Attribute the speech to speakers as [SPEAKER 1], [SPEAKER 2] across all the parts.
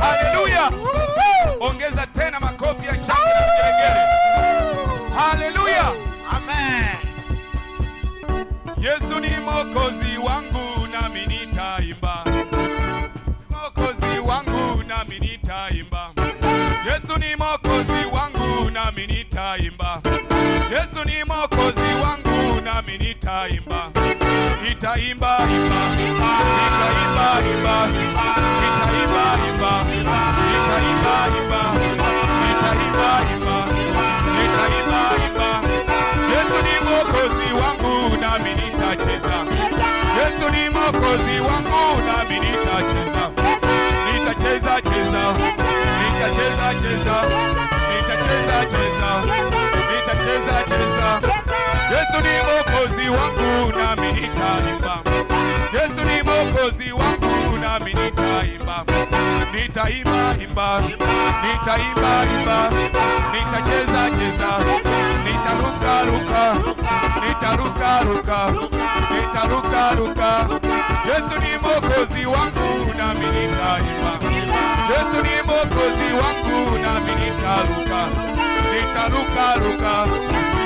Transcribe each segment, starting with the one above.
[SPEAKER 1] Haleluya! Ongeza tena makofi ya shangwe na Haleluya! Amen. Yesu ni mokozi wangu nami nitaimba. mokozi wangu nami nitaimba. Yesu ni mokozi wangu nami nitaimba. Yesu ni mokozi wangu nami nitaimba. Nitaimba imba. Nitaimba imba. Nitaimba imba. Yesu ni mwokozi wangu na nitacheza. Nitacheza nitaimba. Nitaimba imba, nitaimba imba, nitacheza cheza, nitaruka ruka, nitaruka ruka, nitaruka ruka. Yesu ni Mwokozi wangu, na mimi nitaimba. Yesu ni Mwokozi wangu, na mimi nitaruka, nitaruka ruka,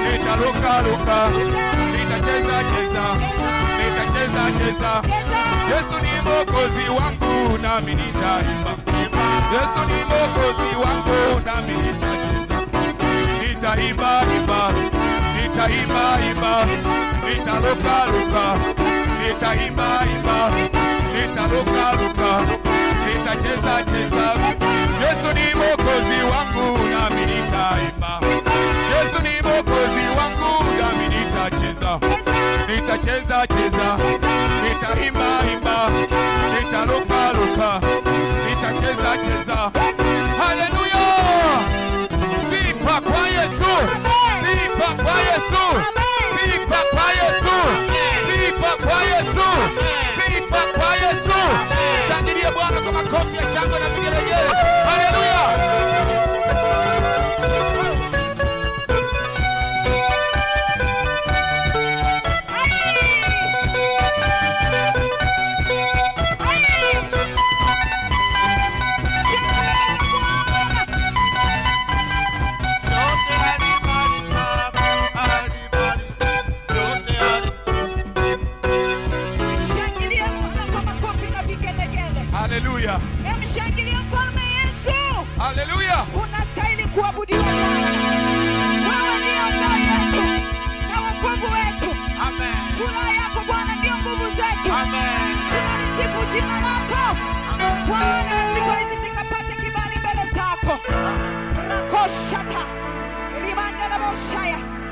[SPEAKER 1] nitaruka ruka, nitacheza cheza nitacheza cheza. Yesu ni mwokozi wangu, na mimi nitaimba. Yesu ni mwokozi wangu nami nitaimba imba, nitaimba imba, nitaruka ruka, nitaimba imba, nitaruka ruka, nitacheza Sifa kwa Yesu. Shangilia Bwana kwa makofi ya shangwe na
[SPEAKER 2] Roshata, rimanda la Mosaya.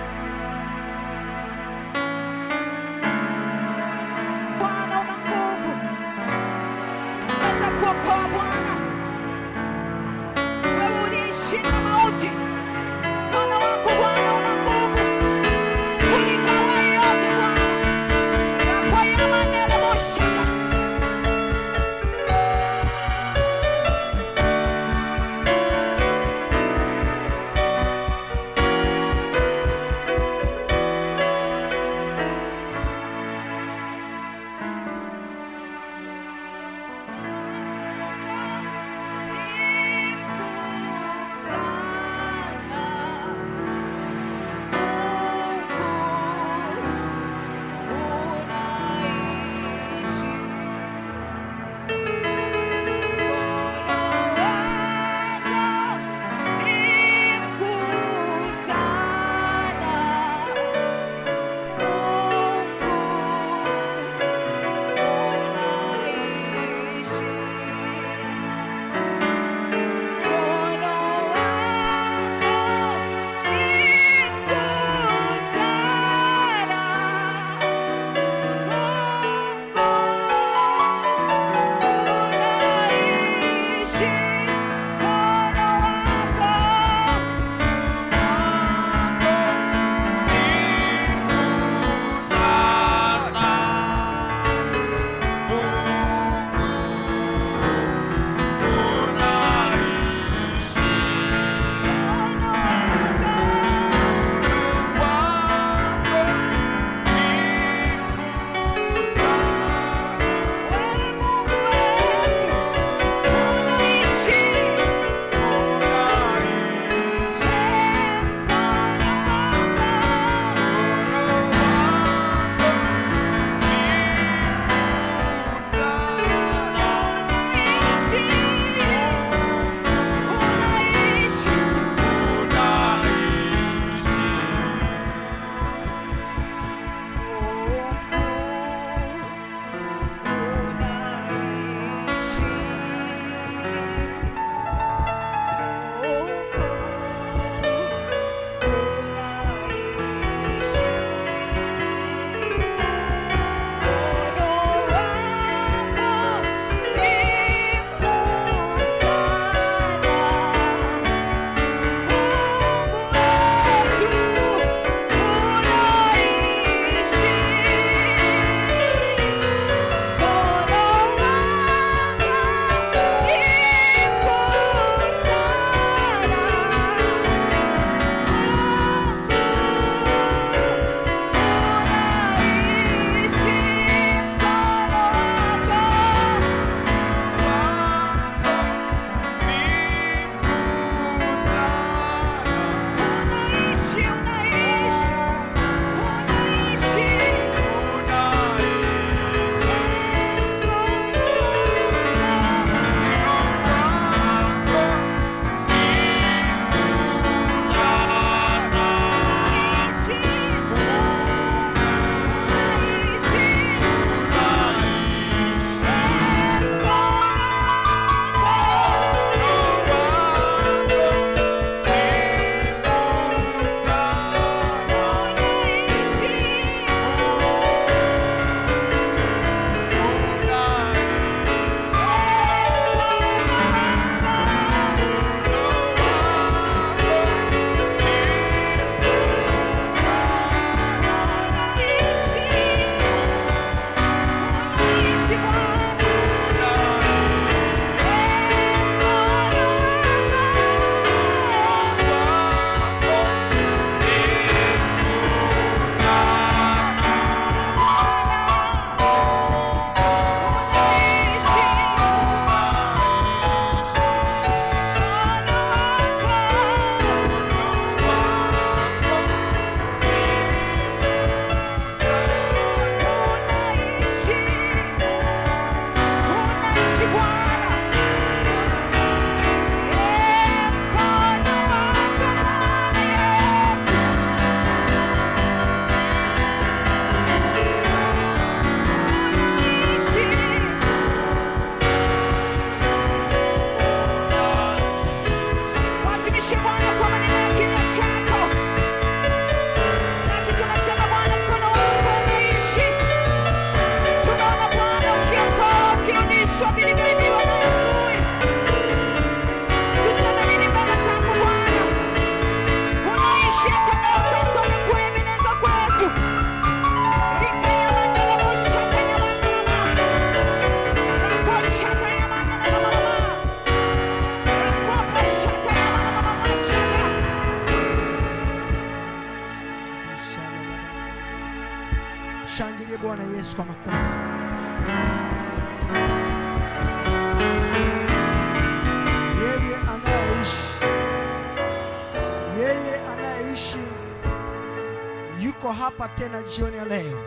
[SPEAKER 2] hapa tena jioni ya leo.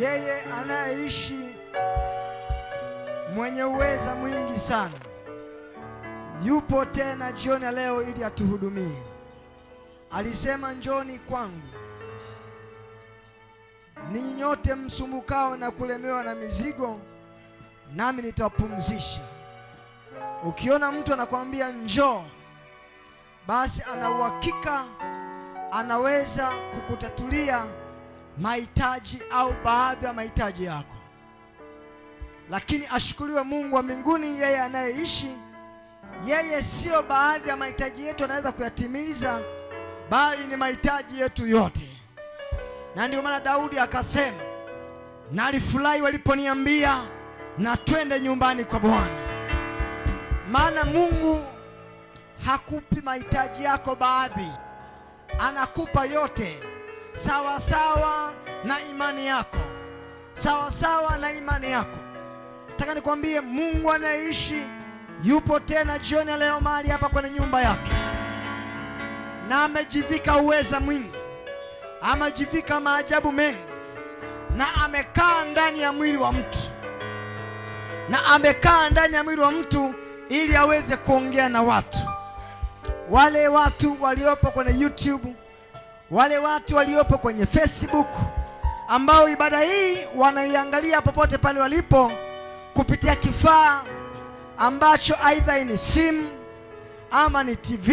[SPEAKER 2] Yeye anayeishi mwenye uweza mwingi sana yupo tena jioni ya leo ili atuhudumie. Alisema, njoni kwangu ninyi nyote msumbukao na kulemewa na mizigo, nami nitawapumzisha. Ukiona mtu anakwambia njoo, basi ana uhakika anaweza kukutatulia mahitaji au baadhi ya mahitaji yako. Lakini ashukuriwe Mungu wa mbinguni, yeye anayeishi. Yeye sio baadhi ya mahitaji yetu anaweza kuyatimiliza, bali ni mahitaji yetu yote. Na ndio maana Daudi akasema, nalifurahi waliponiambia na twende nyumbani kwa Bwana. Maana Mungu hakupi mahitaji yako baadhi anakupa yote sawasawa sawa na imani yako, sawasawa sawa na imani yako. Nataka nikwambie Mungu anayeishi yupo tena jioni leo mahali hapa kwenye nyumba yake, na amejivika uweza mwingi, amejivika maajabu mengi, na amekaa ndani ya mwili wa mtu, na amekaa ndani ya mwili wa mtu ili aweze kuongea na watu wale watu waliopo kwenye YouTube, wale watu waliopo kwenye Facebook ambao ibada hii wanaiangalia popote pale walipo kupitia kifaa ambacho aidha ni simu ama ni TV.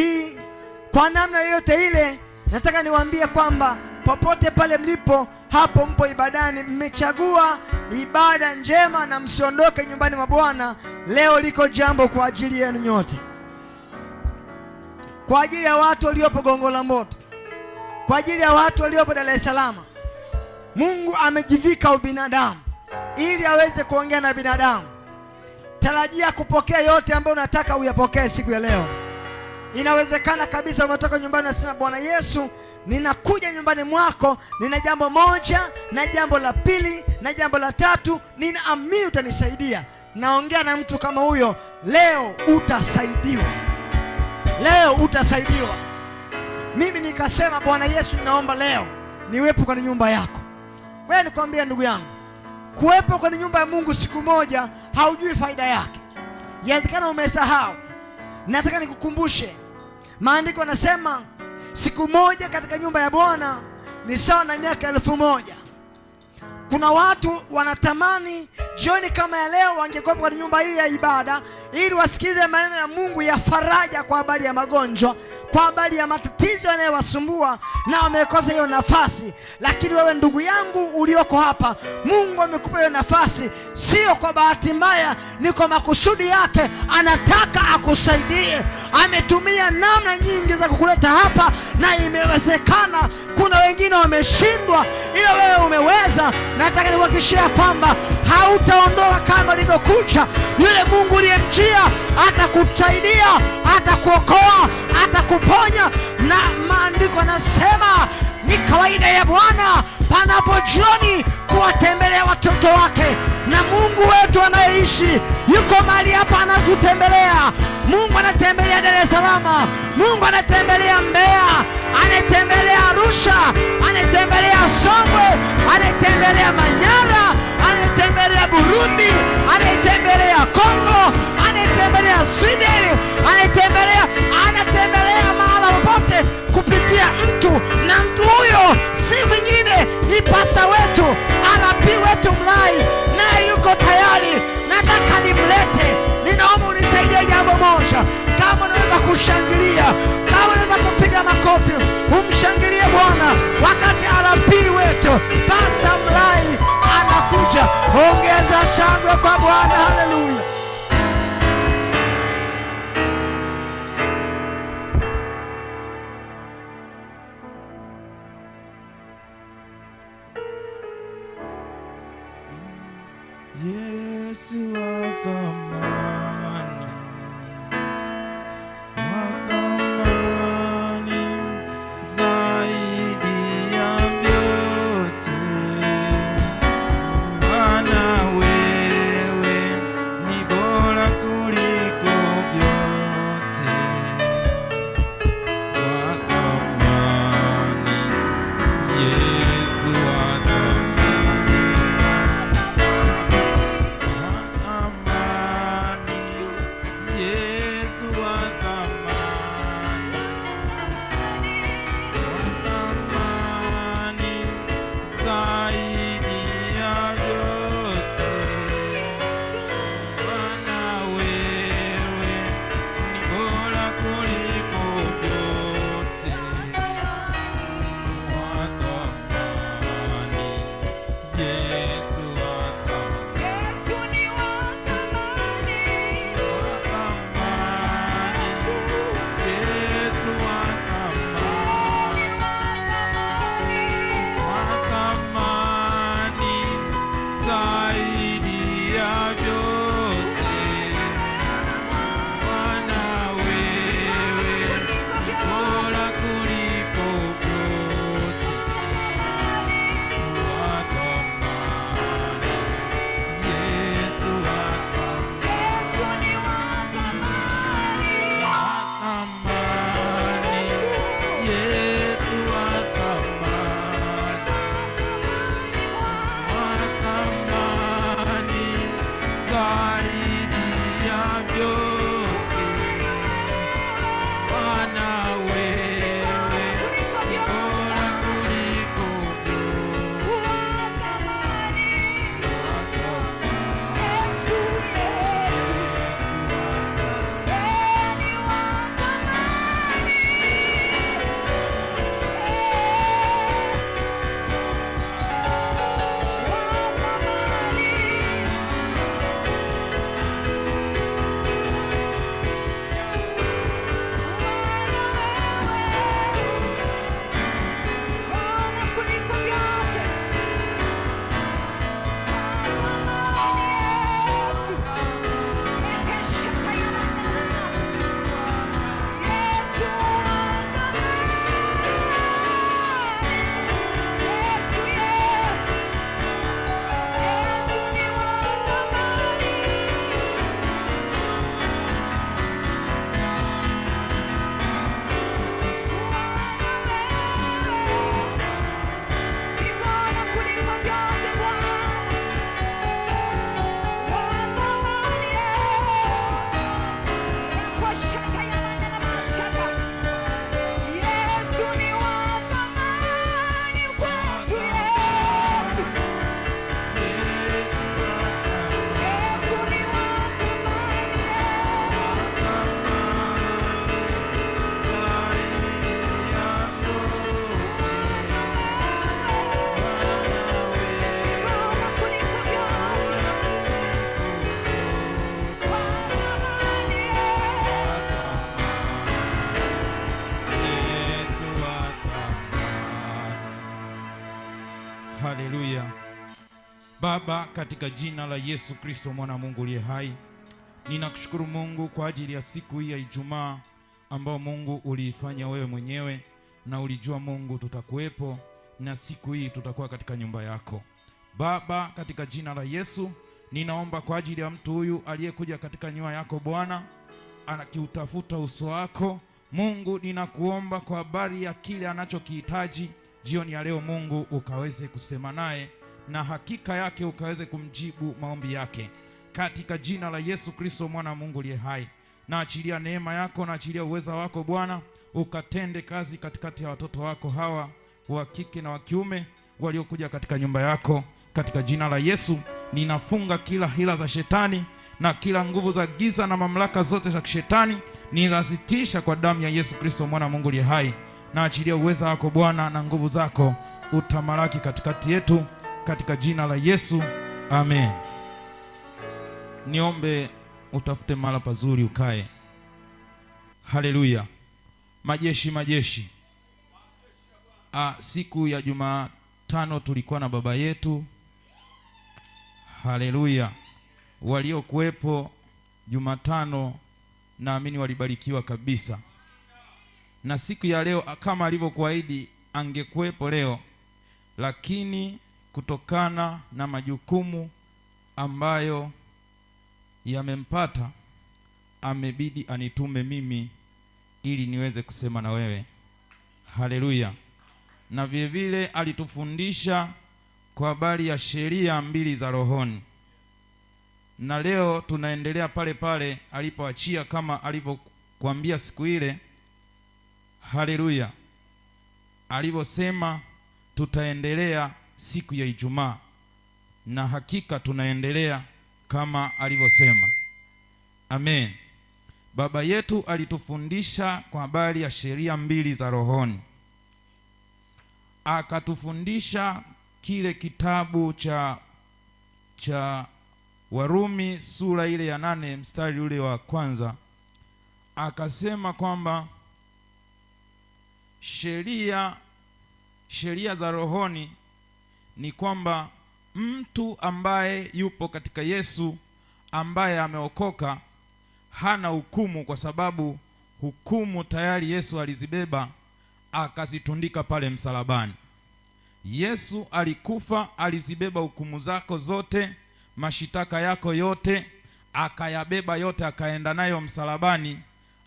[SPEAKER 2] Kwa namna yoyote ile, nataka niwaambie kwamba popote pale mlipo, hapo mpo ibadani, mmechagua ibada njema na msiondoke nyumbani mwa Bwana. Leo liko jambo kwa ajili yenu nyote kwa ajili ya watu waliopo Gongo la Mboto, kwa ajili ya watu waliopo Dar es Salaam. Mungu amejivika ubinadamu ili aweze kuongea na binadamu. Tarajia kupokea yote ambayo unataka uyapokee siku ya leo. Inawezekana kabisa umetoka nyumbani nasema Bwana Yesu, ninakuja nyumbani mwako, nina jambo moja na jambo la pili na jambo la tatu, ninaamini utanisaidia. Naongea na mtu kama huyo leo, utasaidiwa leo utasaidiwa. Mimi nikasema Bwana Yesu, ninaomba leo niwepo kwenye nyumba yako. Wewe nikwambia ndugu yangu, kuwepo kwenye nyumba ya Mungu siku moja haujui faida yake, yawezekana umesahau. Nataka nikukumbushe, maandiko yanasema siku moja katika nyumba ya Bwana ni sawa na miaka elfu moja. Kuna watu wanatamani jioni kama ya leo wangekuwa kwenye nyumba hii ya ibada ili wasikize maneno ya Mungu ya faraja kwa habari ya magonjwa, kwa habari ya matatizo yanayowasumbua na wamekosa hiyo nafasi. Lakini wewe ndugu yangu ulioko hapa, Mungu amekupa hiyo nafasi, sio kwa bahati mbaya, ni kwa makusudi yake. Anataka akusaidie, ametumia namna nyingi za kukuleta hapa na imewezekana. Kuna wengine wameshindwa, ila wewe umeweza. Nataka nikuhakikishia kwamba hautaondoka kama ulivyokuja. Yule Mungu uliyemjia atakusaidia, atakuokoa, atakuponya. Na maandiko anasema ni kawaida ya Bwana panapo jioni kuwatembelea watoto wake, na Mungu wetu anayeishi yuko mahali hapa, anatutembelea. Mungu anatembelea Dar es Salaam, Mungu anatembelea Mbeya, anatembelea Arusha, anatembelea Songwe, anatembelea Manyara anayetembelea Burundi, anayetembelea Kongo, anayetembelea Sweden, anayetembelea anatembelea mahala popote kupitia mtu, na mtu huyo si mwingine ni pasa wetu RP wetu Mlai, naye yuko tayari. Nataka nimlete, ninaomba unisaidie jambo moja, kama unaweza kushangilia, kama unaweza kupiga makofi, umshangilie Bwana wakati RP wetu Ongeza shangwe kwa Bwana. Haleluya.
[SPEAKER 1] katika jina la Yesu Kristo mwana Mungu uliye hai. Ninakushukuru Mungu kwa ajili ya siku hii ya Ijumaa ambayo Mungu uliifanya wewe mwenyewe na ulijua Mungu tutakuwepo na siku hii tutakuwa katika nyumba yako. Baba, katika jina la Yesu ninaomba kwa ajili ya mtu huyu aliyekuja katika nyua yako Bwana, anakiutafuta uso wako Mungu, ninakuomba kwa habari ya kile anachokihitaji jioni ya leo, Mungu ukaweze kusema naye na hakika yake ukaweze kumjibu maombi yake katika jina la Yesu Kristo mwana wa Mungu aliye hai. Naachilia neema yako, naachilia uweza wako Bwana, ukatende kazi katikati ya watoto wako hawa wa kike na wa kiume waliokuja katika nyumba yako. Katika jina la Yesu ninafunga kila hila za shetani na kila nguvu za giza na mamlaka zote za kishetani ninazitisha kwa damu ya Yesu Kristo mwana wa Mungu aliye hai. Naachilia uweza wako Bwana na nguvu zako utamalaki katikati yetu katika jina la Yesu, amen. Niombe utafute mahala pazuri ukae. Haleluya! Majeshi, majeshi. A, ah, siku ya Jumatano tulikuwa na baba yetu. Haleluya! waliokuwepo Jumatano naamini walibarikiwa kabisa, na siku ya leo kama alivyokuahidi angekuwepo leo, lakini kutokana na majukumu ambayo yamempata, amebidi anitume mimi ili niweze kusema na wewe. Haleluya! Na vile vile alitufundisha kwa habari ya sheria mbili za rohoni, na leo tunaendelea pale pale alipoachia, kama alivyokuambia siku ile. Haleluya! Alivyosema tutaendelea siku ya Ijumaa, na hakika tunaendelea kama alivyosema. Amen. Baba yetu alitufundisha kwa habari ya sheria mbili za rohoni, akatufundisha kile kitabu cha cha Warumi sura ile ya nane mstari ule wa kwanza, akasema kwamba sheria sheria za rohoni ni kwamba mtu ambaye yupo katika Yesu ambaye ameokoka hana hukumu, kwa sababu hukumu tayari Yesu alizibeba akazitundika pale msalabani. Yesu alikufa, alizibeba hukumu zako zote, mashitaka yako yote akayabeba yote, akaenda nayo msalabani,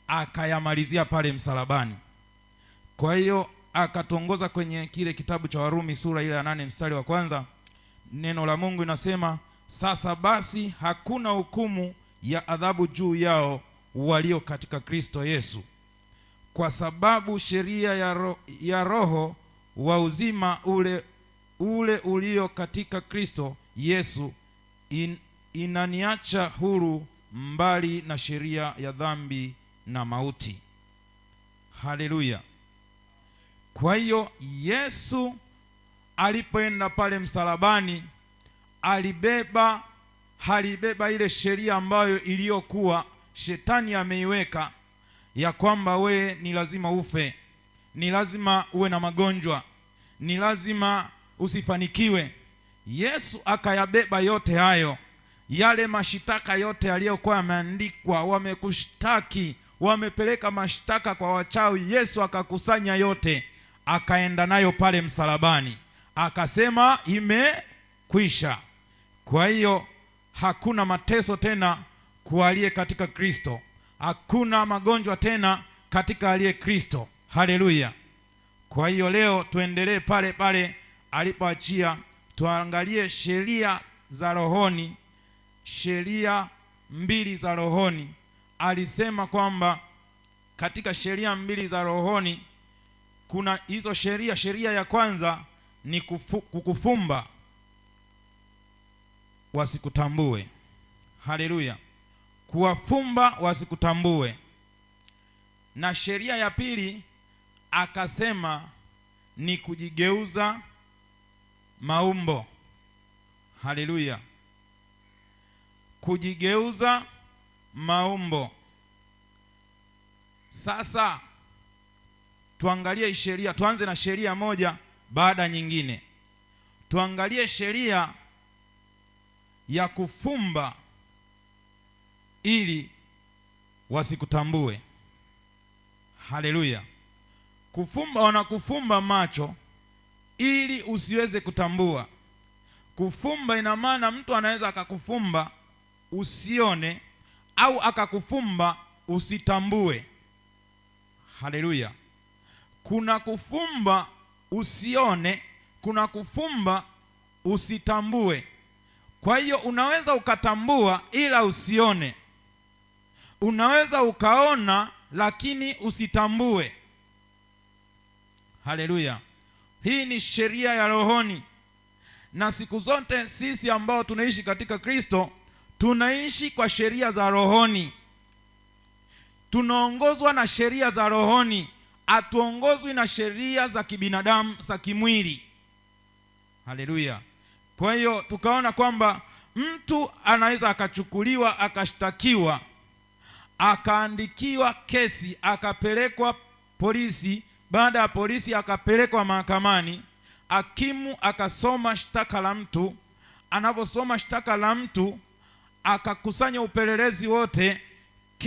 [SPEAKER 1] akayamalizia pale msalabani. Kwa hiyo akatuongoza kwenye kile kitabu cha Warumi sura ile ya nane mstari wa kwanza. Neno la Mungu inasema sasa basi hakuna hukumu ya adhabu juu yao walio katika Kristo Yesu, kwa sababu sheria ya, ro, ya roho wa uzima ule ule ulio katika Kristo Yesu in, inaniacha huru mbali na sheria ya dhambi na mauti. Haleluya! Kwa hiyo Yesu alipoenda pale msalabani alibeba halibeba ile sheria ambayo iliyokuwa shetani ameiweka ya, ya kwamba wewe ni lazima ufe, ni lazima uwe na magonjwa, ni lazima usifanikiwe. Yesu akayabeba yote hayo, yale mashitaka yote yaliyokuwa yameandikwa, wamekushtaki, wamepeleka mashtaka kwa wachawi, Yesu akakusanya yote akaenda nayo pale msalabani, akasema imekwisha. Kwa hiyo hakuna mateso tena kwa aliye katika Kristo, hakuna magonjwa tena katika aliye Kristo. Haleluya! Kwa hiyo leo tuendelee pale pale alipoachia, tuangalie sheria za rohoni, sheria mbili za rohoni. Alisema kwamba katika sheria mbili za rohoni kuna hizo sheria sheria ya kwanza ni kufu, kukufumba wasikutambue haleluya kuwafumba wasikutambue na sheria ya pili akasema ni kujigeuza maumbo haleluya kujigeuza maumbo sasa tuangalie sheria, tuanze na sheria moja baada nyingine. Tuangalie sheria ya kufumba ili wasikutambue. Haleluya! Kufumba, wanakufumba macho ili usiweze kutambua. Kufumba ina maana mtu anaweza akakufumba usione au akakufumba usitambue. Haleluya! kuna kufumba usione, kuna kufumba usitambue. Kwa hiyo unaweza ukatambua ila usione, unaweza ukaona lakini usitambue. Haleluya! Hii ni sheria ya rohoni, na siku zote sisi ambao tunaishi katika Kristo tunaishi kwa sheria za rohoni, tunaongozwa na sheria za rohoni hatuongozwi na sheria za kibinadamu za kimwili haleluya kwa hiyo tukaona kwamba mtu anaweza akachukuliwa akashtakiwa akaandikiwa kesi akapelekwa polisi baada ya polisi akapelekwa mahakamani akimu akasoma shtaka la mtu anavyosoma shtaka la mtu akakusanya upelelezi wote